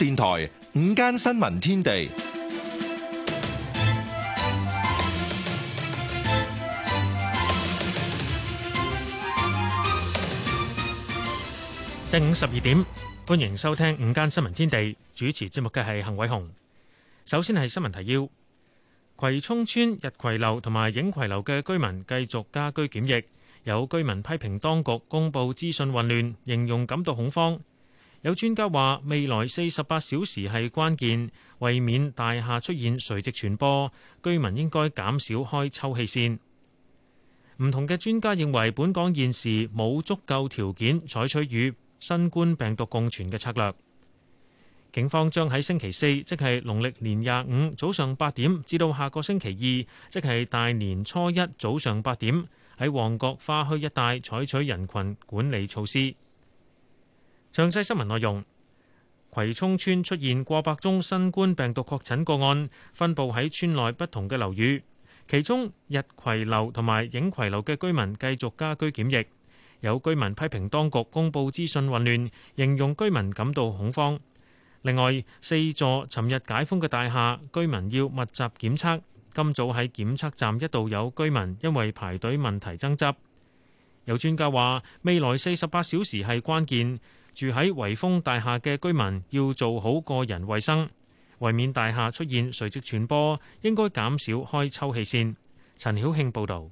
電台午間新聞天地。正午十二點，歡迎收聽午間新聞天地。主持節目嘅係幸偉雄。首先係新聞提要：葵涌村日葵樓同埋影葵樓嘅居民繼續家居檢疫，有居民批評當局公布資訊混亂，形容感到恐慌。有專家話：未來四十八小時係關鍵，為免大廈出現垂直傳播，居民應該減少開抽氣扇。唔同嘅專家認為，本港現時冇足夠條件採取與新冠病毒共存嘅策略。警方將喺星期四，即係農曆年廿五早上八點，至到下個星期二，即係大年初一早上八點，喺旺角花墟一帶採取人群管理措施。詳細新聞內容：葵涌村出現過百宗新冠病毒確診個案，分佈喺村內不同嘅樓宇。其中日葵樓同埋影葵樓嘅居民繼續家居檢疫。有居民批評當局公布資訊混亂，形容居民感到恐慌。另外，四座尋日解封嘅大廈居民要密集檢測。今早喺檢測站一度有居民因為排隊問題爭執。有專家話，未來四十八小時係關鍵。住喺圍封大廈嘅居民要做好個人衛生，為免大廈出現垂直傳播，應該減少開抽氣扇。陳曉慶報道。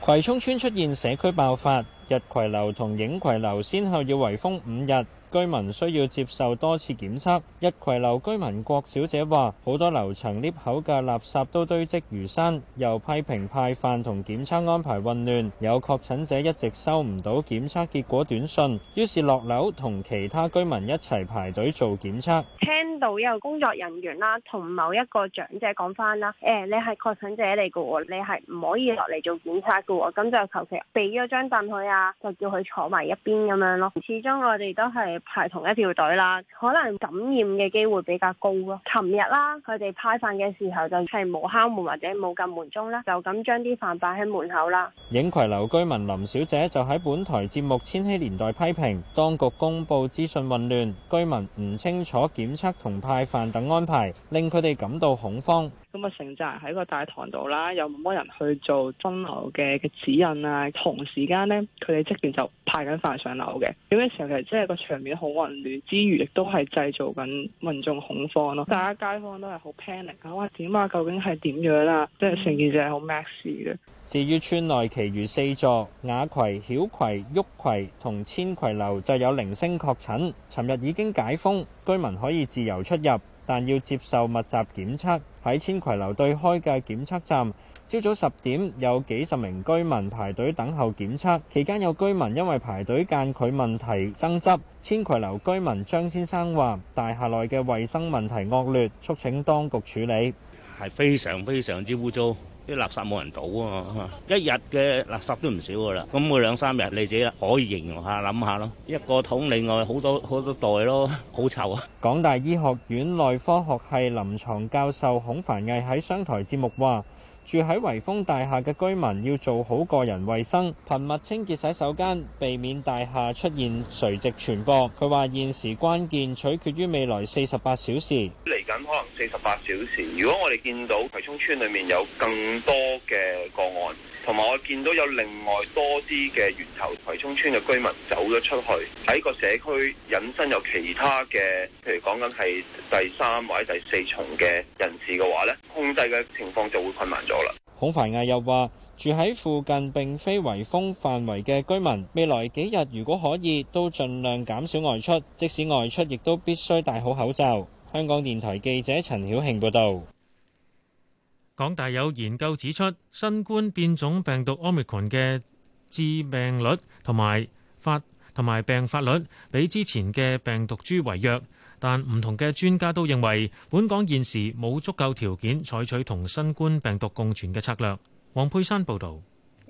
葵涌村出現社區爆發，日葵樓同影葵樓先後要圍封五日。居民需要接受多次檢測。一葵樓居民郭小姐話，好多樓層 𨋢 口嘅垃圾都堆積如山，又批評派飯同檢測安排混亂，有確診者一直收唔到檢測結果短信，於是落樓同其他居民一齊排隊做檢測。聽到有工作人員啦，同某一個長者講翻啦，誒、欸，你係確診者嚟嘅，你係唔可以落嚟做檢測嘅，咁就求其俾咗張凳佢啊，就叫佢坐埋一邊咁樣咯。始終我哋都係。排同一條隊啦，可能感染嘅機會比較高咯。琴日啦，佢哋派飯嘅時候就係冇敲門或者冇撳門鐘啦，就咁將啲飯擺喺門口啦。影葵樓居民林小姐就喺本台節目《千禧年代》批評當局公佈資訊混亂，居民唔清楚檢測同派飯等安排，令佢哋感到恐慌。咁啊，成扎人喺個大堂度啦，又冇乜人去做分流嘅嘅指引啊，同時間呢，佢哋即便就派緊飯上樓嘅。有嘅時候其實即係個場面好混亂之餘，亦都係製造緊民眾恐慌咯。大家街坊都係好 panic 啊！哇，點啊？究竟係點樣啦？即係成件事係好 max 嘅？至於村內其餘四座雅葵、曉葵、旭葵同千葵樓就有零星確診，尋日已經解封，居民可以自由出入。但要接受密集檢測，喺千葵樓對開嘅檢測站，朝早十點有幾十名居民排隊等候檢測，期間有居民因為排隊間距問題爭執，千葵樓居民張先生話大廈內嘅衛生問題惡劣，促請當局處理，係非常非常之污糟。啲垃圾冇人倒喎、啊，一日嘅垃圾都唔少噶啦。咁每兩三日你自己可以形容下，諗下咯。一個桶，另外好多好多袋咯，好臭啊！港大醫學院內科學系臨床教授孔凡毅喺商台節目話。住喺維峰大廈嘅居民要做好個人衛生、頻密清潔洗手間，避免大廈出現垂直傳播。佢話現時關鍵取決於未來四十八小時。嚟緊可能四十八小時，如果我哋見到葵涌村裏面有更多嘅個案，同埋我見到有另外多啲嘅源頭，葵涌村嘅居民走咗出去，喺個社區引申有其他嘅，譬如講緊係第三或者第四重嘅人士嘅話呢，控制嘅情況就會困難咗啦。孔繁毅又話：住喺附近並非圍封範圍嘅居民，未來幾日如果可以都盡量減少外出，即使外出亦都必須戴好口罩。香港電台記者陳曉慶報道。港大有研究指出，新冠變種病毒 Omicron 嘅致命率同埋發同埋病發率比之前嘅病毒株為弱，但唔同嘅專家都認為，本港現時冇足夠條件採取同新冠病毒共存嘅策略。黃佩珊報道。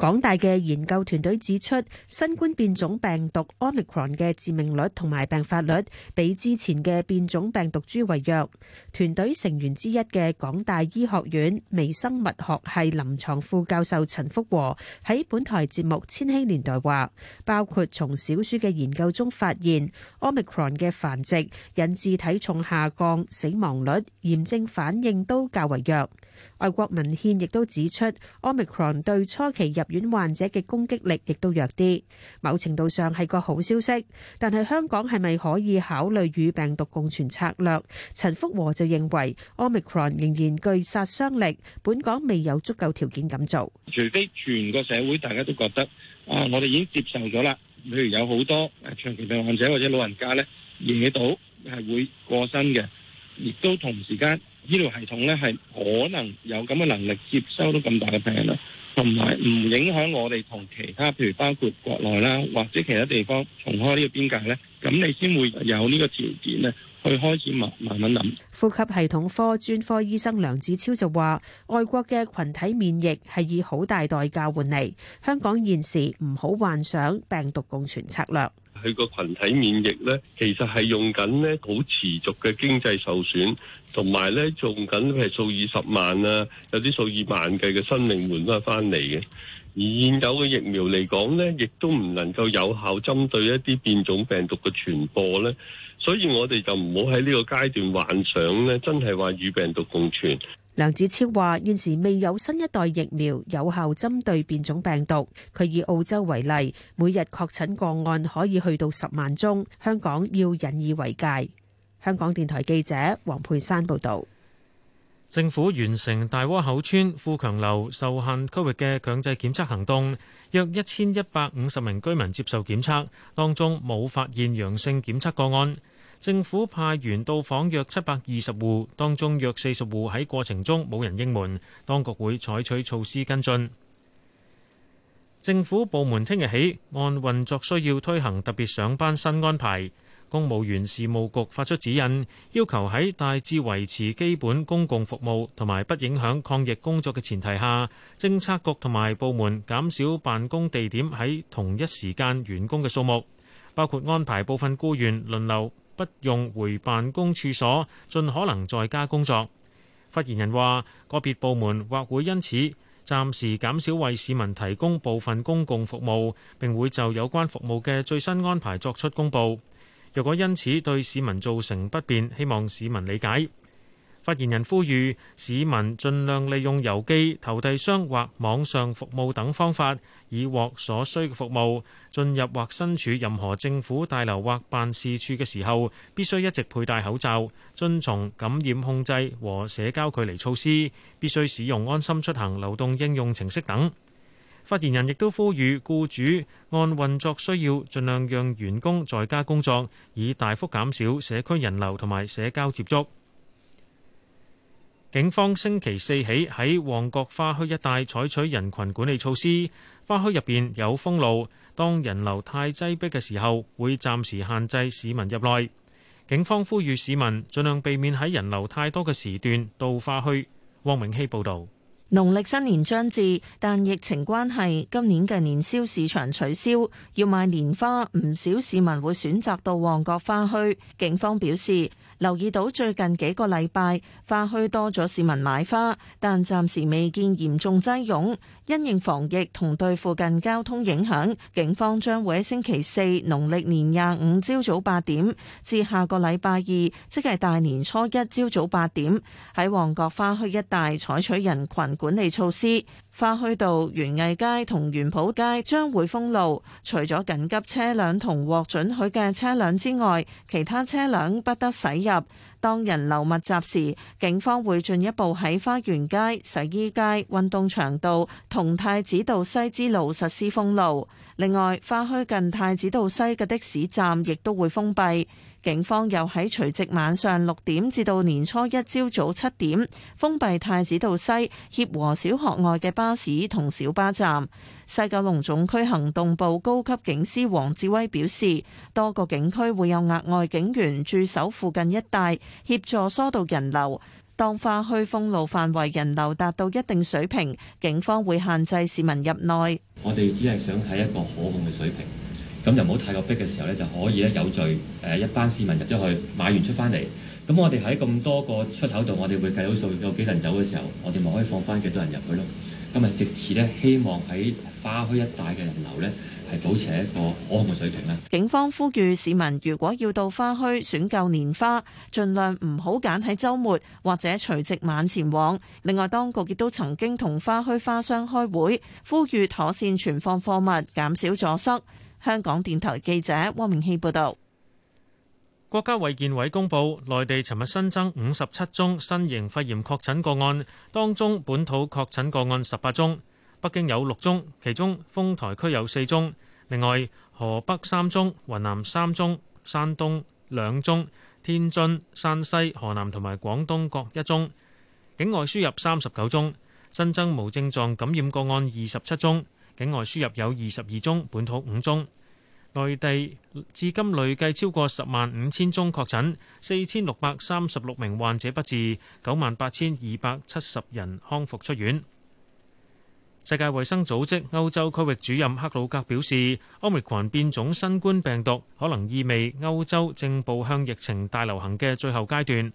港大嘅研究團隊指出，新冠變種病毒 Omicron 嘅致命率同埋病發率比之前嘅變種病毒株為弱。團隊成員之一嘅港大醫學院微生物學系臨床副教授陳福和喺本台節目《千禧年代》話，包括從小鼠嘅研究中發現，Omicron 嘅繁殖引致體重下降、死亡率、炎症反應都較為弱。外國文獻亦都指出，omicron 對初期入院患者嘅攻擊力亦都弱啲，某程度上係個好消息。但係香港係咪可以考慮與病毒共存策略？陳福和就認為 omicron 仍然具殺傷力，本港未有足夠條件咁做。除非全個社會大家都覺得啊，我哋已經接受咗啦。例如有好多長期病患者或者老人家咧，染到係會過身嘅，亦都同時間。醫療系統咧係可能有咁嘅能力接收到咁大嘅病咧，同埋唔影響我哋同其他譬如包括國內啦，或者其他地方重開呢個邊界咧，咁你先會有呢個條件咧，去開始慢慢慢諗。呼吸系統科專科醫生梁子超就話，外國嘅羣體免疫係以好大代價換嚟，香港現時唔好幻想病毒共存策略。佢個群體免疫呢，其實係用緊呢好持續嘅經濟受損，同埋呢用緊譬如數以十萬啊，有啲數以萬計嘅生命換翻翻嚟嘅。而現有嘅疫苗嚟講呢，亦都唔能夠有效針對一啲變種病毒嘅傳播呢。所以我哋就唔好喺呢個階段幻想呢，真係話與病毒共存。梁子超話現時未有新一代疫苗有效針對變種病毒。佢以澳洲為例，每日確診個案可以去到十萬宗，香港要引以為戒。香港電台記者黃佩珊報道。政府完成大窩口村富強樓受限區域嘅強制檢測行動，約一千一百五十名居民接受檢測，當中冇發現陽性檢測個案。政府派員到訪約七百二十戶，當中約四十戶喺過程中冇人應門，當局會採取措施跟進。政府部門聽日起按運作需要推行特別上班新安排，公務員事務局發出指引，要求喺大致維持基本公共服務同埋不影響抗疫工作嘅前提下，政策局同埋部門減少辦公地點喺同一時間員工嘅數目，包括安排部分雇員輪流。不用回辦公處所，盡可能在家工作。發言人話，個別部門或會因此暫時減少為市民提供部分公共服務，並會就有關服務嘅最新安排作出公佈。若果因此對市民造成不便，希望市民理解。發言人呼籲市民盡量利用郵寄、投遞箱或網上服務等方法以獲所需嘅服務。進入或身處任何政府大樓或辦事處嘅時候，必須一直佩戴口罩，遵從感染控制和社交距離措施，必須使用安心出行流動應用程式等。發言人亦都呼籲僱主按運作需要，盡量讓員工在家工作，以大幅減少社區人流同埋社交接觸。警方星期四起喺旺角花墟一帶採取人群管理措施，花墟入邊有封路，當人流太擠迫嘅時候，會暫時限制市民入內，警方呼籲市民盡量避免喺人流太多嘅時段到花墟。汪明希報道。農曆新年將至，但疫情關係，今年嘅年宵市場取消，要買年花，唔少市民會選擇到旺角花墟。警方表示，留意到最近幾個禮拜花墟多咗市民買花，但暫時未見嚴重擠擁。因應防疫同對附近交通影響，警方將會喺星期四（農曆年廿五）朝早八點至下個禮拜二，即係大年初一朝早八點，喺旺角花墟一帶採取人群管理措施。花墟道、園藝街同園圃街將會封路，除咗緊急車輛同獲准許嘅車輛之外，其他車輛不得駛入。當人流密集時，警方會進一步喺花園街、洗衣街、運動場道同太子道西支路實施封路。另外，花墟近太子道西嘅的，的士站亦都會封閉。警方又喺除夕晚上六點至到年初一朝早七點，封閉太子道西協和小學外嘅巴士同小巴站。西九龍總區行動部高級警司黃志威表示，多個警區會有額外警員駐守附近一帶，協助疏導人流。當花墟封路範圍人流達到一定水平，警方會限制市民入內。我哋只係想睇一個可控嘅水平。咁就唔好太過逼嘅時候咧，就可以咧有序。誒一班市民入咗去買完出翻嚟。咁我哋喺咁多個出口度，我哋會計好數，有幾人走嘅時候，我哋咪可以放翻幾多人入去咯。咁啊，直至咧希望喺花墟一帶嘅人流咧係保持一個可控嘅水平啦。警方呼籲市民，如果要到花墟選購年花，盡量唔好揀喺週末或者除夕晚前往。另外，當局亦都曾經同花墟花商開會，呼籲妥善存放貨物，減少阻塞。香港電台記者汪明熙報道，國家衛健委公布，內地尋日新增五十七宗新型肺炎確診個案，當中本土確診個案十八宗，北京有六宗，其中豐台區有四宗，另外河北三宗、雲南三宗、山東兩宗、天津、山西、河南同埋廣東各一宗，境外輸入三十九宗，新增無症狀感染個案二十七宗。境外輸入有二十二宗，本土五宗。內地至今累計超過十萬五千宗確診，四千六百三十六名患者不治，九萬八千二百七十人康復出院。世界衛生組織歐洲區域主任克魯格表示，Omicron 變種新冠病毒可能意味歐洲正步向疫情大流行嘅最後階段。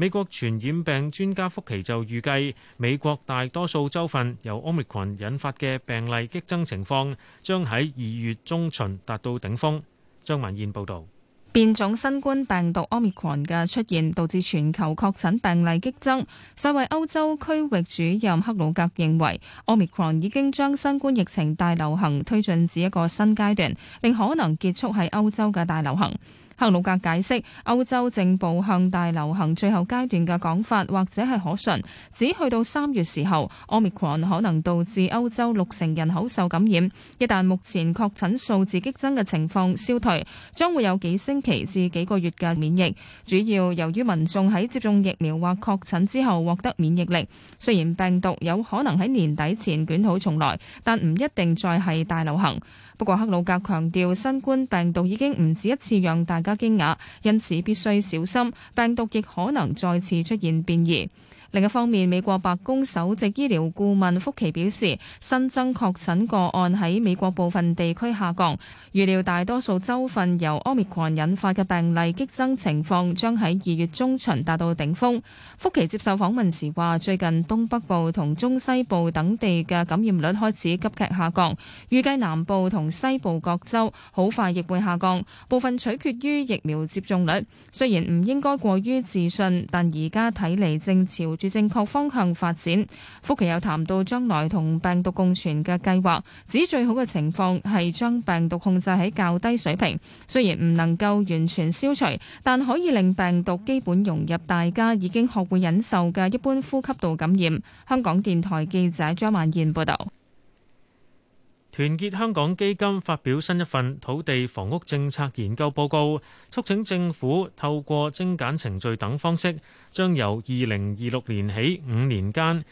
美國傳染病專家福奇就預計，美國大多數州份由 Omicron 引發嘅病例激增情況，將喺二月中旬達到頂峰。張文燕報導，變種新冠病毒 Omicron 嘅出現，導致全球確診病例激增。世衛歐洲區域主任克魯格認為，Omicron 已經將新冠疫情大流行推進至一個新階段，並可能結束喺歐洲嘅大流行。克魯格解釋歐洲正步向大流行最後階段嘅講法或者係可信，只去到三月時候，Omicron 可能導致歐洲六成人口受感染。一旦目前確診數字激增嘅情況消退，將會有幾星期至幾個月嘅免疫，主要由於民眾喺接種疫苗或確診之後獲得免疫力。雖然病毒有可能喺年底前捲土重來，但唔一定再係大流行。不過，克魯格強調，新冠病毒已經唔止一次讓大家驚訝，因此必須小心，病毒亦可能再次出現變異。另一方面，美國白宮首席醫療顧問福奇表示，新增確診個案喺美國部分地區下降，預料大多數州份由奧密克戎引發嘅病例激增情況將喺二月中旬達到頂峰。福奇接受訪問時話，最近東北部同中西部等地嘅感染率開始急劇下降，預計南部同西部各州好快亦會下降，部分取決於疫苗接種率。雖然唔應該過於自信，但而家睇嚟正朝住正確方向發展。福奇又談到將來同病毒共存嘅計劃，指最好嘅情況係將病毒控制喺較低水平，雖然唔能夠完全消除，但可以令病毒基本融入大家已經學會忍受嘅一般呼吸道感染。香港電台記者張萬燕報道。團結香港基金發表新一份土地房屋政策研究報告，促請政府透過精簡程序等方式，將由二零二六年起五年間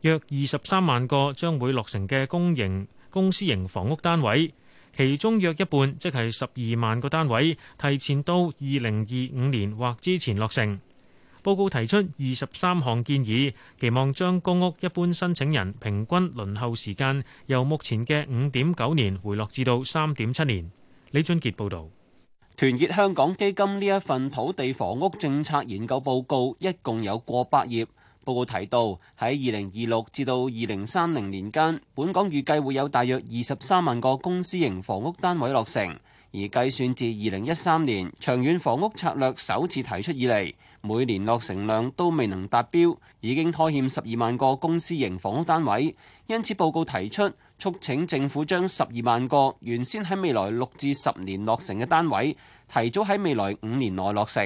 約二十三萬個將會落成嘅公營公私營房屋單位，其中約一半即係十二萬個單位，提前到二零二五年或之前落成。報告提出二十三項建議，期望將公屋一般申請人平均輪候時間由目前嘅五點九年回落至到三點七年。李俊傑報導，團結香港基金呢一份土地房屋政策研究報告一共有過百頁。報告提到喺二零二六至到二零三零年間，本港預計會有大約二十三萬個公私型房屋單位落成。而計算至二零一三年，長遠房屋策略首次提出以嚟。每年落成量都未能達標，已經拖欠十二萬個公私型房屋單位，因此報告提出促請政府將十二萬個原先喺未來六至十年落成嘅單位，提早喺未來五年內落成。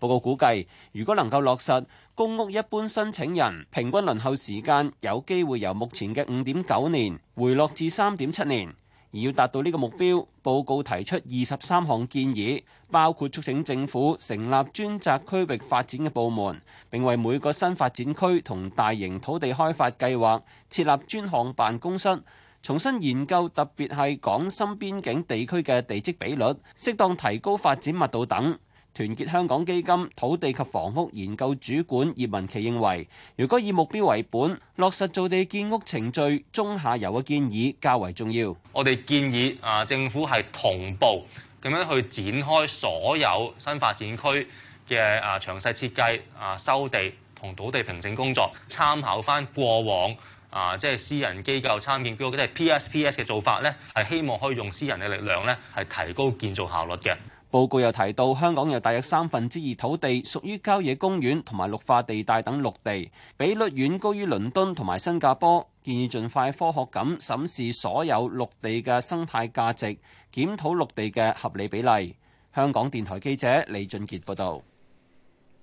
報告估計，如果能夠落實公屋，一般申請人平均輪候時間有機會由目前嘅五點九年回落至三點七年。而要達到呢個目標，報告提出二十三項建議，包括促請政府成立專責區域發展嘅部門，並為每個新發展區同大型土地開發計劃設立專項辦公室，重新研究特別係港深邊境地區嘅地積比率，適當提高發展密度等。團結香港基金土地及房屋研究主管葉文琪認為，如果以目標為本，落實造地建屋程序中下游嘅建議較為重要。我哋建議啊，政府係同步咁樣去展開所有新發展區嘅啊詳細設計啊收地同土地平整工作，參考返過往啊即係私人機構參建表，即係 PSPS 嘅做法咧，係希望可以用私人嘅力量咧，係提高建造效率嘅。報告又提到，香港有大約三分之二土地屬於郊野公園同埋綠化地帶等綠地，比率遠高於倫敦同埋新加坡。建議盡快科學咁審視所有陸地嘅生態價值，檢討陸地嘅合理比例。香港電台記者李俊傑報道。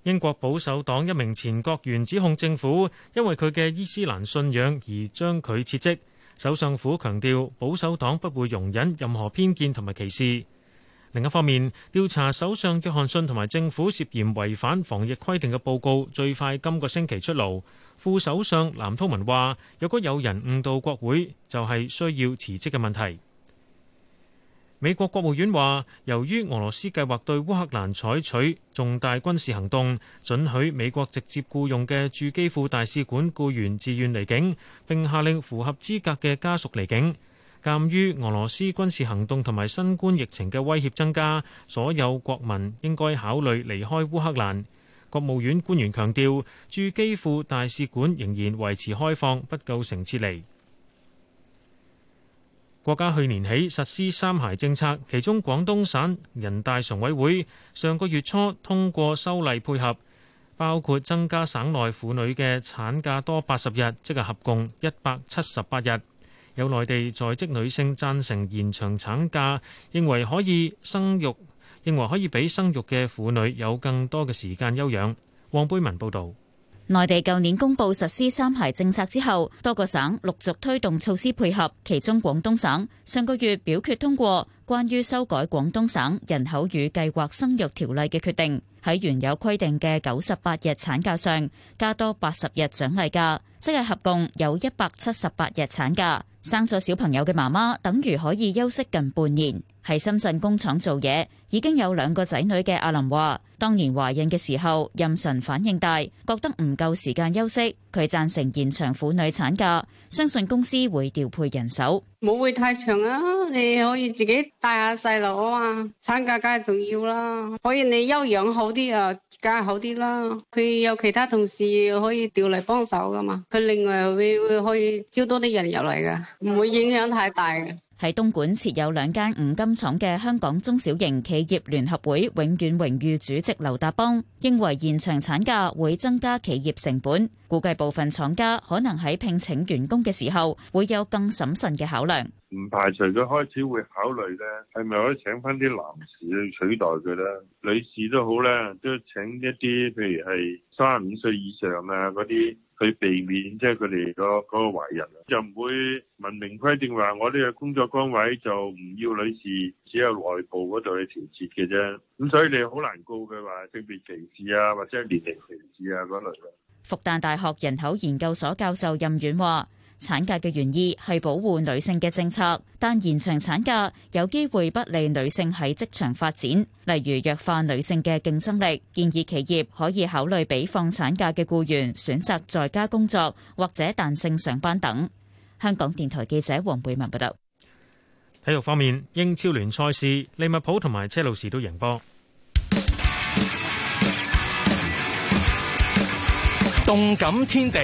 英國保守黨一名前國員指控政府因為佢嘅伊斯蘭信仰而將佢撤職。首相府強調，保守黨不會容忍任何偏見同埋歧視。另一方面，調查首相約翰遜同埋政府涉嫌違反防疫規定嘅報告最快今個星期出爐，副首相藍韜文話，如果有人誤導國會就係、是、需要辭職嘅問題。美國國務院話，由於俄羅斯計劃對烏克蘭採取重大軍事行動，准許美國直接僱傭嘅駐基輔大使館僱員自願離境，並下令符合資格嘅家屬離境。鑒於俄羅斯軍事行動同埋新冠疫情嘅威脅增加，所有國民應該考慮離開烏克蘭。國務院官員強調駐基庫大使館仍然維持開放，不構成撤離。國家去年起實施三孩政策，其中廣東省人大常委會上個月初通過修例配合，包括增加省內婦女嘅產假多八十日，即係合共一百七十八日。有內地在職女性贊成延長產假，認為可以生育，認為可以俾生育嘅婦女有更多嘅時間休養。黃貝文報導，內地舊年公布實施三孩政策之後，多個省陸續推動措施配合，其中廣東省上個月表決通過關於修改《廣東省人口與計劃生育條例》嘅決定，喺原有規定嘅九十八日產假上加多八十日獎勵假，即係合共有一百七十八日產假。生咗小朋友嘅媽媽，等於可以休息近半年。喺深圳工廠做嘢，已經有兩個仔女嘅阿林話，當年懷孕嘅時候，妊娠反應大，覺得唔夠時間休息。佢贊成延長婦女產假。相信公司會調配人手，冇會太長啊！你可以自己帶下細路啊嘛，產假梗係重要啦，可以你休養好啲啊，梗係好啲啦。佢有其他同事可以調嚟幫手噶嘛，佢另外會會可以招多啲人入嚟嘅，唔會影響太大嘅。喺東莞設有兩間五金廠嘅香港中小型企業聯合會永遠榮譽主席劉達邦，認為延長產假會增加企業成本，估計部分廠家可能喺聘請員工嘅時候會有更審慎嘅考量。唔排除佢開始會考慮咧，係咪可以請翻啲男士去取代佢咧？女士都好咧，都請一啲，譬如係三十五歲以上啊嗰啲。去避免即係佢哋個嗰個懷孕，又唔會文明規定話我呢個工作崗位就唔要女士，只有內部嗰度去調節嘅啫。咁所以你好難告佢話性別歧視啊，或者係年齡歧視啊嗰類嘅。復旦大學人口研究所教授任遠話。產假嘅原意係保護女性嘅政策，但延長產假有機會不利女性喺職場發展，例如弱化女性嘅競爭力。建議企業可以考慮俾放產假嘅雇員選擇在家工作或者彈性上班等。香港電台記者黃貝文報道。體育方面，英超聯賽事，利物浦同埋車路士都贏波。動感天地。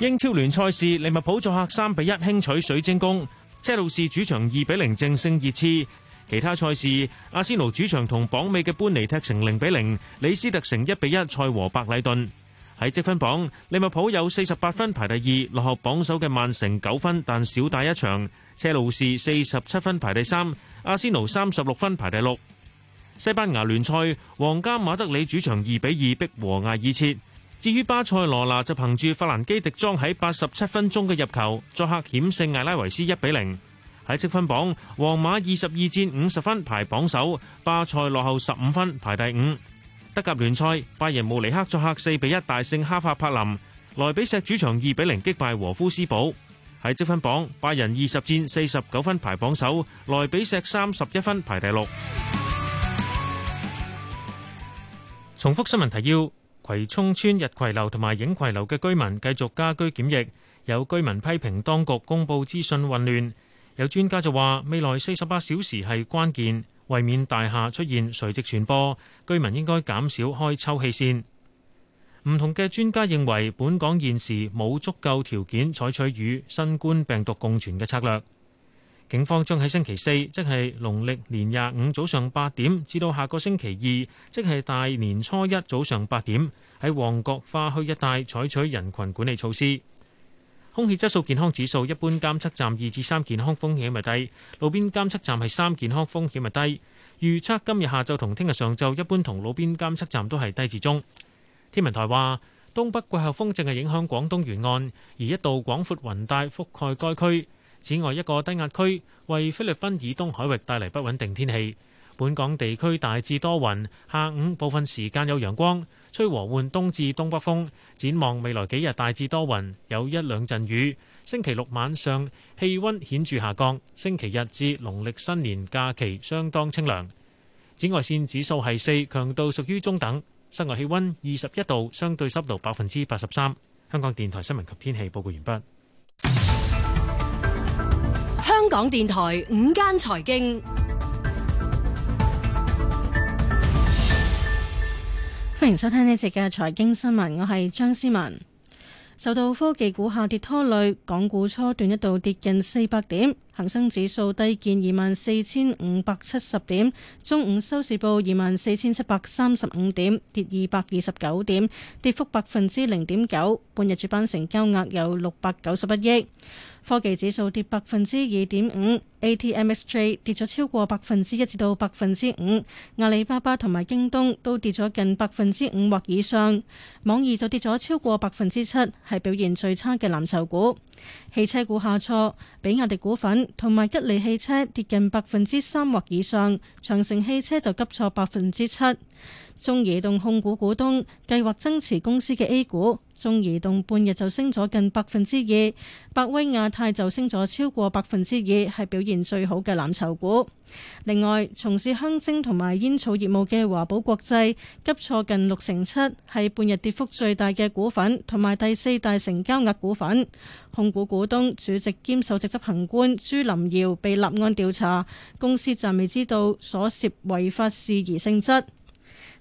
英超聯賽事，利物浦作客三比一輕取水晶宮，車路士主場二比零正勝熱刺。其他賽事，阿仙奴主場同榜尾嘅班尼踢成零比零，李斯特城一比一賽和白禮頓。喺積分榜，利物浦有四十八分排第二，落後榜首嘅曼城九分，但少打一場。車路士四十七分排第三，阿仙奴三十六分排第六。西班牙聯賽，皇家馬德里主場二比二逼和亞爾切。至於巴塞羅那就憑住法蘭基迪莊喺八十七分鐘嘅入球，作客險勝艾拉維斯一比零。喺積分榜，皇馬二十二戰五十分排榜首，巴塞落後十五分排第五。德甲聯賽，拜仁慕尼黑作客四比一大勝哈法柏林，萊比錫主場二比零擊敗和夫斯堡。喺積分榜，拜仁二十戰四十九分排榜首，萊比錫三十一分排第六。重複新聞提要。葵涌村日葵樓同埋影葵樓嘅居民繼續家居檢疫，有居民批評當局公布資訊混亂。有專家就話，未來四十八小時係關鍵，為免大廈出現垂直傳播，居民應該減少開抽氣扇。唔同嘅專家認為，本港現時冇足夠條件採取與新冠病毒共存嘅策略。警方將喺星期四，即係農曆年廿五早上八點，至到下個星期二，即係大年初一早上八點，喺旺角花墟一帶採取人群管理措施。空氣質素健康指數一般監測站二至三，健康風險係低路邊監測站係三，健康風險係低。預測今日下晝同聽日上晝一般同路邊監測站都係低至中。天文台話，東北季候風正係影響廣東沿岸，而一道廣闊雲帶覆蓋該區。此外，一個低壓區為菲律賓以東海域帶嚟不穩定天氣。本港地區大致多雲，下午部分時間有陽光，吹和緩東至東北風。展望未來幾日大致多雲，有一兩陣雨。星期六晚上氣温顯著下降，星期日至農曆新年假期相當清涼。紫外線指數係四，強度屬於中等。室外氣温二十一度，相對濕度百分之八十三。香港電台新聞及天氣報告完畢。香港電台五間財經，歡迎收聽呢節嘅財經新聞。我係張思文。受到科技股下跌拖累，港股初段一度跌近四百點，恆生指數低見二萬四千五百七十點。中午收市報二萬四千七百三十五點，跌二百二十九點，跌幅百分之零點九。半日主板成交額有六百九十一億。科技指數跌百分之二點五。ATMSJ 跌咗超過百分之一至到百分之五，阿里巴巴同埋京東都跌咗近百分之五或以上，網易就跌咗超過百分之七，係表現最差嘅藍籌股。汽車股下挫，比亞迪股份同埋吉利汽車跌近百分之三或以上，長城汽車就急挫百分之七。中移動控股股東計劃增持公司嘅 A 股，中移動半日就升咗近百分之二，百威亞太就升咗超過百分之二，係表現。現最好嘅藍籌股。另外，從事香精同埋煙草業務嘅華寶國際急挫近六成七，係半日跌幅最大嘅股份，同埋第四大成交額股份。控股股東主席兼首席執行官朱林瑤被立案調查，公司暫未知道所涉違法事宜性質。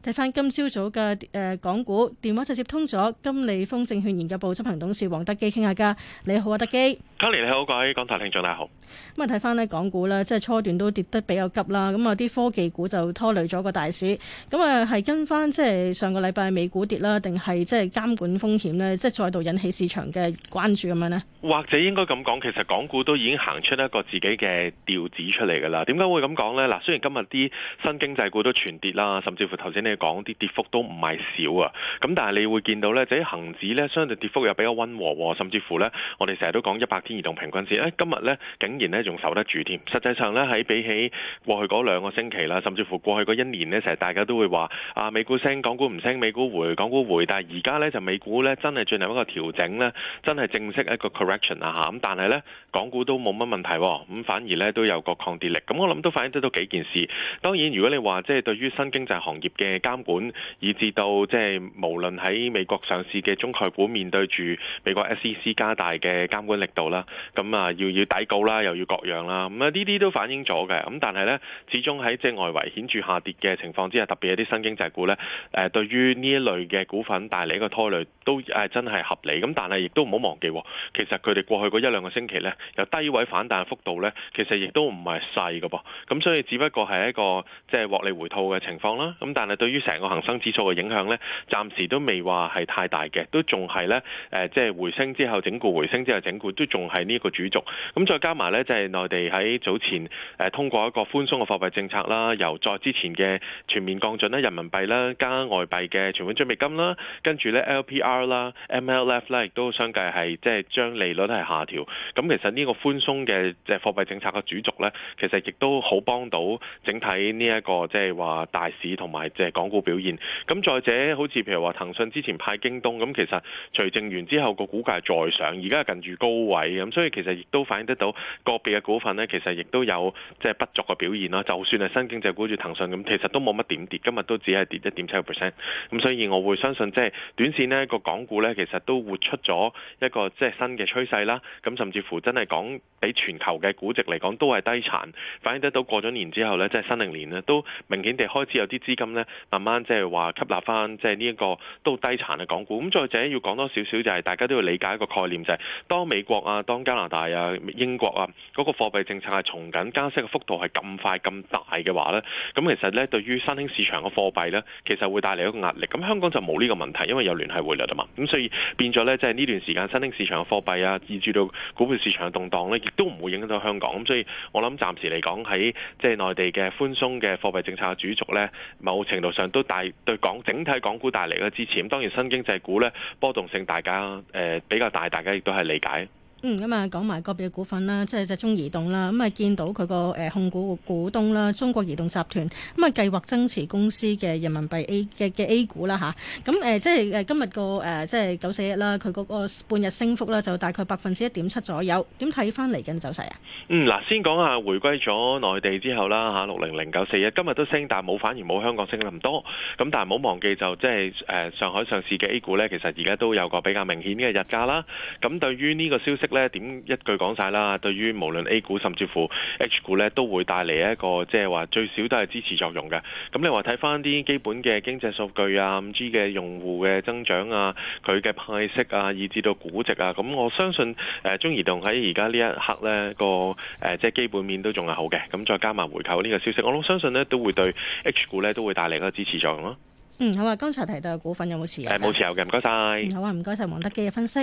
睇翻今朝早嘅誒、呃、港股電話就接通咗，金利豐證券研究部執行董事黃德基傾下偈。你好啊，德基。Hello，各位港台聽眾，大家好。咁啊，睇翻呢港股啦，即係初段都跌得比較急啦。咁啊，啲科技股就拖累咗個大市。咁啊，係跟翻即係上個禮拜美股跌啦，定係即係監管風險呢？即係再度引起市場嘅關注咁樣呢？或者應該咁講，其實港股都已經行出一個自己嘅調子出嚟㗎啦。點解會咁講呢？嗱，雖然今日啲新經濟股都全跌啦，甚至乎頭先你講啲跌幅都唔係少啊。咁但係你會見到咧，即係恆指呢，相對跌幅又比較溫和，甚至乎呢，我哋成日都講一百。先移動平均線，誒今日咧竟然咧仲守得住添。實際上咧喺比起過去嗰兩個星期啦，甚至乎過去嗰一年呢，成日大家都會話啊，美股升，港股唔升；美股回，港股回。但係而家咧就美股咧真係進行一個調整咧，真係正式一個 correction 啊嚇。咁但係咧港股都冇乜問題，咁反而咧都有個抗跌力。咁我諗都反映得到幾件事。當然，如果你話即係對於新經濟行業嘅監管，以至到即係無論喺美國上市嘅中概股面對住美國 SEC 加大嘅監管力度啦。咁啊，要、嗯、要抵稿啦，又要各樣啦，咁啊呢啲都反映咗嘅。咁、嗯、但係呢，始終喺即係外圍顯著下跌嘅情況之下，特別係啲新經濟股呢，誒、呃、對於呢一類嘅股份帶嚟一個拖累，都誒、呃、真係合理。咁、嗯、但係亦都唔好忘記、哦，其實佢哋過去嗰一兩個星期呢，由低位反彈嘅幅度呢，其實亦都唔係細嘅噃。咁、嗯、所以只不過係一個即係獲利回吐嘅情況啦。咁、嗯、但係對於成個恒生指數嘅影響呢，暫時都未話係太大嘅，都仲係呢，誒即係回升之後整固，回升之後整固都仲係呢個主軸，咁再加埋呢，就係、是、內地喺早前誒通過一個寬鬆嘅貨幣政策啦，由再之前嘅全面降準咧，人民幣啦，加外幣嘅存款準備金啦，跟住呢 LPR 啦、MLF 咧，亦都相繼係即係將利率係下調。咁其實呢個寬鬆嘅即係貨幣政策嘅主軸呢，其實亦都好幫到整體呢、這、一個即係話大市同埋即係港股表現。咁再者，好似譬如話騰訊之前派京東，咁其實除淨完之後個股價係再上，而家係近住高位。咁所以其實亦都反映得到個別嘅股份呢，其實亦都有即係不俗嘅表現啦。就算係新經濟股，住騰訊咁，其實都冇乜點跌，今日都只係跌一點七個 percent。咁所以，我會相信即係短線呢個港股呢，其實都活出咗一個即係新嘅趨勢啦。咁甚至乎真係講，比全球嘅估值嚟講都係低殘，反映得到過咗年之後呢，即係新曆年呢，都明顯地開始有啲資金呢，慢慢即係話吸納翻，即係呢一個都低殘嘅港股。咁再者要講多少少就係大家都要理解一個概念，就係當美國啊。當加拿大啊、英國啊嗰、嗰個貨幣政策係從緊加息嘅幅度係咁快咁大嘅話呢，咁其實呢對於新興市場嘅貨幣呢，其實會帶嚟一個壓力。咁香港就冇呢個問題，因為有聯繫匯率啊嘛，咁所以變咗呢，即係呢段時間，新興市場嘅貨幣啊，以至到股票市場嘅動盪呢，亦都唔會影響到香港。咁所以我諗暫時嚟講，喺即係內地嘅寬鬆嘅貨幣政策嘅主軸呢，某程度上都帶對港整體港股帶嚟嘅支持。咁當然新經濟股呢，波動性大家誒、呃、比較大，大家亦都係理解。嗯，咁、嗯、啊，講埋個別嘅股份啦，即係隻中移動啦，咁、嗯、啊、見到佢個誒控股股東啦，中國移動集團，咁啊計劃增持公司嘅人民幣 A 嘅嘅 A 股啦吓，咁、啊、誒、嗯、即係誒今日個誒即係九四一啦，佢嗰個半日升幅咧，就大概百分之一點七左右，點睇翻嚟嘅走勢啊？嗯，嗱，先講下回歸咗內地之後啦吓，六零零九四一今日都升，但係冇反而冇香港升咁多，咁但係冇忘記就即係誒上海上市嘅 A 股咧，其實而家都有個比較明顯嘅日價啦，咁對於呢個消息，咧點一句講晒啦，對於無論 A 股甚至乎 H 股咧，都會帶嚟一個即係話最少都係支持作用嘅。咁你話睇翻啲基本嘅經濟數據啊，五 G 嘅用戶嘅增長啊，佢嘅派息啊，以至到估值啊，咁我相信誒、呃、中移動喺而家呢一刻呢個誒、呃、即係基本面都仲係好嘅。咁再加埋回購呢個消息，我諗相信呢都會對 H 股咧都會帶嚟一個支持作用咯。嗯，好啊！剛才提到嘅股份有冇持有？誒，冇持有嘅，唔該晒。好啊，唔該晒。黃德基嘅分析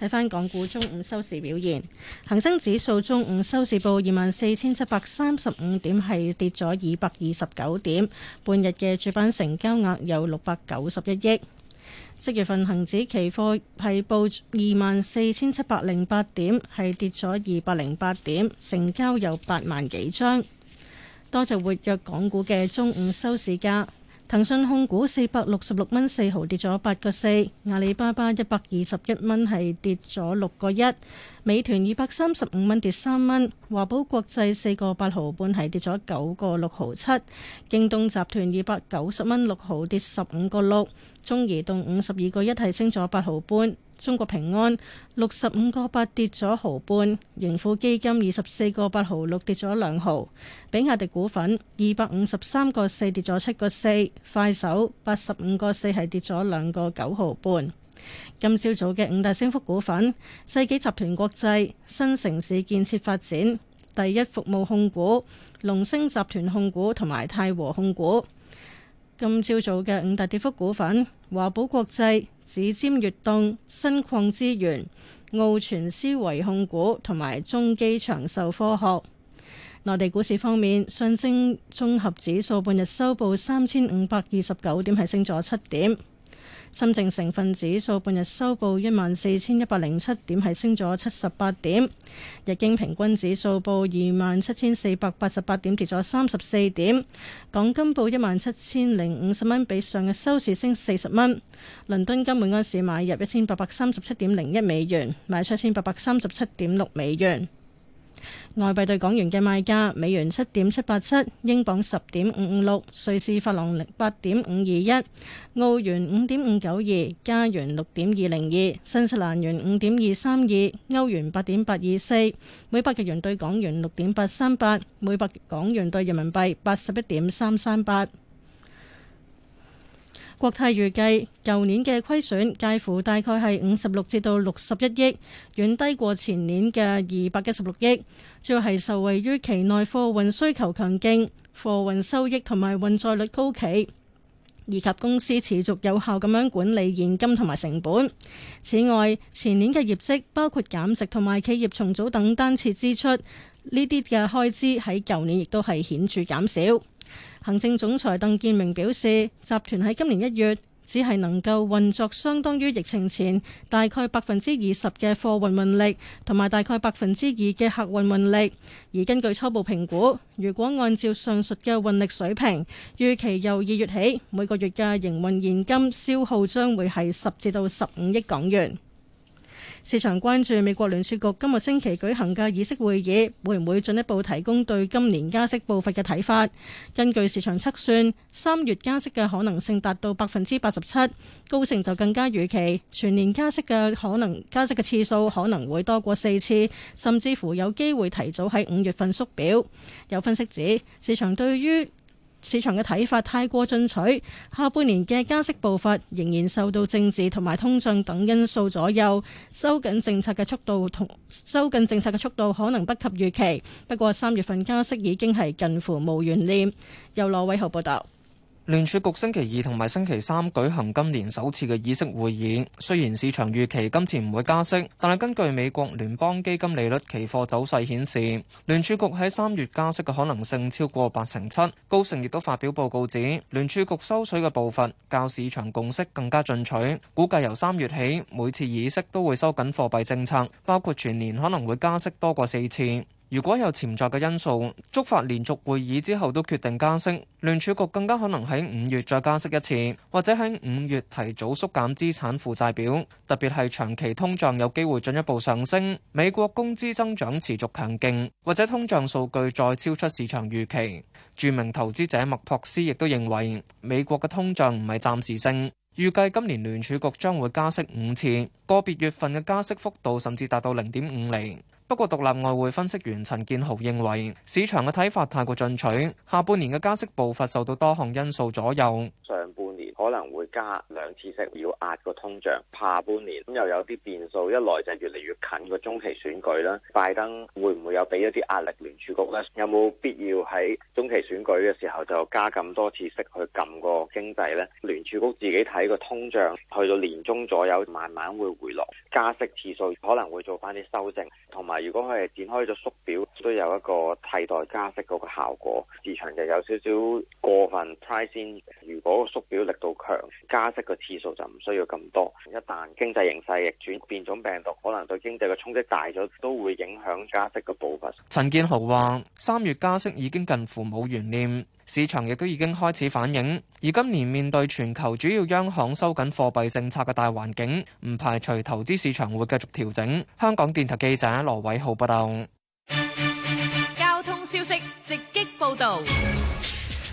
睇翻港股中午收市表現，恒生指數中午收市報二萬四千七百三十五點，係跌咗二百二十九點。半日嘅主板成交額有六百九十一億。七月份恒指期貨係報二萬四千七百零八點，係跌咗二百零八點，成交有八萬幾張。多謝活躍港股嘅中午收市價。騰訊控股四百六十六蚊四毫，跌咗八個四，阿里巴巴一百二十一蚊係跌咗六個一，美團二百三十五蚊，跌三蚊，華寶國際四個八毫半係跌咗九個六毫七，京東集團二百九十蚊六毫，跌十五個六，中移動五十二個一，提升咗八毫半。中國平安六十五個八跌咗毫半，盈富基金二十四個八毫六跌咗兩毫，比亞迪股份二百五十三個四跌咗七個四，快手八十五個四係跌咗兩個九毫半。今朝早嘅五大升幅股份：世紀集團國際、新城市建設發展、第一服務控股、龍星集團控股同埋泰和控股。今朝早嘅五大跌幅股份。華寶國際、指尖躍動、新礦資源、奧全思維控股同埋中基長壽科學。內地股市方面，上證綜合指數半日收報三千五百二十九點，係升咗七點。深證成分指數半日收報一萬四千一百零七點，係升咗七十八點。日經平均指數報二萬七千四百八十八點，跌咗三十四點。港金報一萬七千零五十蚊，比上日收市升四十蚊。倫敦金每安士買入一千八百三十七點零一美元，賣出一千八百三十七點六美元。外幣對港元嘅賣價：美元七點七八七，英鎊十點五五六，瑞士法郎零八點五二一，澳元五點五九二，加元六點二零二，新西蘭元五點二三二，歐元八點八二四，每百日元對港元六點八三八，每百港元對人民幣八十一點三三八。國泰預計舊年嘅虧損介乎大概係五十六至到六十一億，遠低過前年嘅二百一十六億。主要係受惠於期內貨運需求強勁、貨運收益同埋運載率高企，以及公司持續有效咁樣管理現金同埋成本。此外，前年嘅業績包括減值同埋企業重組等單次支出，呢啲嘅開支喺舊年亦都係顯著減少。行政總裁鄧建明表示，集團喺今年一月只係能夠運作相當於疫情前大概百分之二十嘅貨運運力，同埋大概百分之二嘅客運運力。而根據初步評估，如果按照上述嘅運力水平，預期由二月起每個月嘅營運現金消耗將會係十至到十五億港元。市場關注美國聯儲局今個星期舉行嘅議息會議，會唔會進一步提供對今年加息步伐嘅睇法。根據市場測算，三月加息嘅可能性達到百分之八十七，高盛就更加預期，全年加息嘅可能加息嘅次數可能會多過四次，甚至乎有機會提早喺五月份縮表。有分析指，市場對於市場嘅睇法太過進取，下半年嘅加息步伐仍然受到政治同埋通脹等因素左右，收緊政策嘅速度同收緊政策嘅速度可能不及預期。不過三月份加息已經係近乎無懸念。由羅偉豪報道。聯儲局星期二同埋星期三舉行今年首次嘅議息會議，雖然市場預期今次唔會加息，但係根據美國聯邦基金利率期貨走勢顯示，聯儲局喺三月加息嘅可能性超過八成七。高盛亦都發表報告指，聯儲局收水嘅部分較市場共識更加進取，估計由三月起每次議息都會收緊貨幣政策，包括全年可能會加息多過四次。如果有潛在嘅因素觸發連續會議之後都決定加息，聯儲局更加可能喺五月再加息一次，或者喺五月提早縮減資產負債表。特別係長期通脹有機會進一步上升，美國工資增長持續強勁，或者通脹數據再超出市場預期。著名投資者麥柏斯亦都認為美國嘅通脹唔係暫時性，預計今年聯儲局將會加息五次，個別月份嘅加息幅度甚至達到零點五厘。不過，獨立外匯分析員陳建豪認為市場嘅睇法太過進取，下半年嘅加息步伐受到多項因素左右。可能會加兩次息，要壓個通脹，下半年咁又有啲變數。一來就越嚟越近個中期選舉啦，拜登會唔會有俾一啲壓力聯儲局咧？有冇必要喺中期選舉嘅時候就加咁多次息去撳個經濟咧？聯儲局自己睇個通脹去到年中左右，慢慢會回落，加息次數可能會做翻啲修正。同埋如果佢係展開咗縮表，都有一個替代加息嗰個效果。市場就有少少過分 price in，如果縮表力度，強加息嘅次數就唔需要咁多，一旦經濟形勢逆轉，變種病毒可能對經濟嘅衝擊大咗，都會影響加息嘅步伐。陳建豪話：三月加息已經近乎冇懸念，市場亦都已經開始反映。而今年面對全球主要央行收緊貨幣政策嘅大環境，唔排除投資市場會繼續調整。香港電台記者羅偉浩報道。交通消息直擊報道。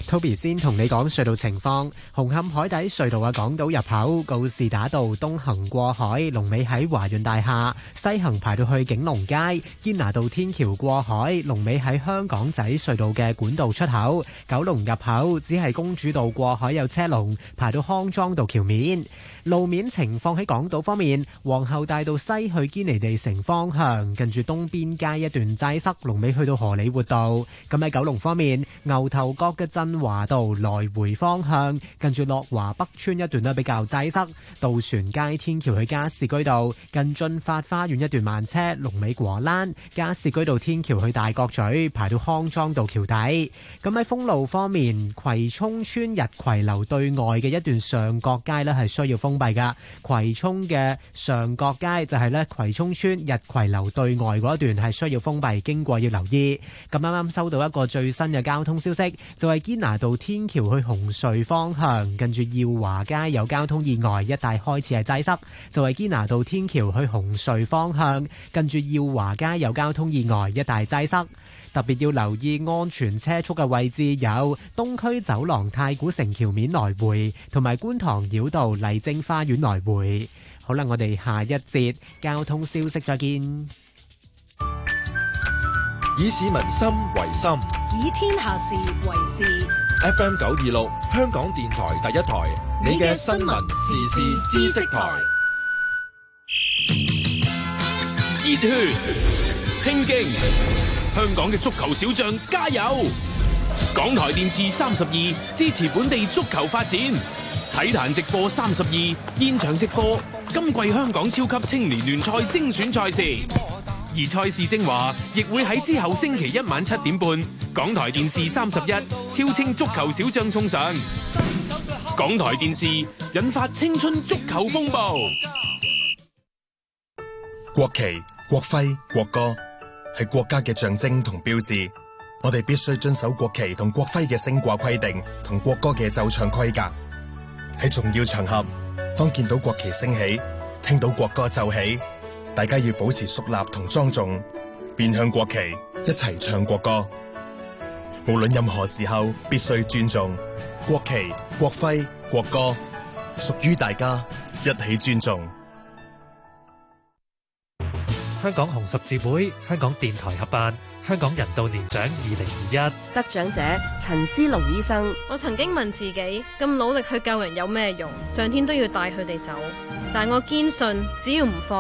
Toby 先同你講隧道情況，紅磡海底隧道嘅港島入口告士打道東行過海，龍尾喺華潤大廈；西行排到去景隆街堅拿道天橋過海，龍尾喺香港仔隧道嘅管道出口；九龍入口只係公主道過海有車龍，排到康莊道橋面。路面情況喺港島方面，皇后大道西去堅尼地城方向，近住東邊街一段擠塞，龍尾去到荷里活道。咁喺九龍方面，牛頭角嘅振華道來回方向，近住樂華北村一段呢比較擠塞，渡船街天橋去加士居道，近俊發花園一段慢車，龍尾果欄，加士居道天橋去大角咀排到康莊道橋底。咁喺封路方面，葵涌村日葵樓對外嘅一段上角街呢係需要封閉噶，葵涌嘅上角街就係咧，葵涌村日葵樓對外嗰一段係需要封閉，經過要留意。咁啱啱收到一個最新嘅交通消息，就係堅拿道天橋去紅隧方向，跟住耀華街有交通意外，一帶開始係擠塞。就係堅拿道天橋去紅隧方向，跟住耀華街有交通意外，一帶擠塞。特別要留意安全車速嘅位置有東區走廊、太古城橋面來回，同埋觀塘繞道、麗晶花園來回。好啦，我哋下一節交通消息再見。以市民心為心，以天下事為事。FM 九二六，香港電台第一台，你嘅新聞時事知識台，熱血拼勁。香港嘅足球小將加油！港台電視三十二支持本地足球發展，體壇直播三十二現場直播今季香港超級青年聯賽精選賽事，而賽事精華亦會喺之後星期一晚七點半，港台電視三十一超清足球小將送上。港台電視引發青春足球風暴。國旗、國徽、國歌，係國家嘅象徵同標誌，我哋必須遵守國旗同國徽嘅升掛規定，同國歌嘅奏唱規格。喺重要場合，當見到國旗升起，聽到國歌奏起，大家要保持肅立同莊重，面向國旗一齊唱國歌。無論任何時候，必須尊重國旗、國徽、國歌，屬於大家，一起尊重。香港紅十字會、香港電台合辦香港人道年獎二零二一得獎者陳思龍醫生。我曾經問自己，咁努力去救人有咩用？上天都要帶佢哋走，但我堅信只要唔放。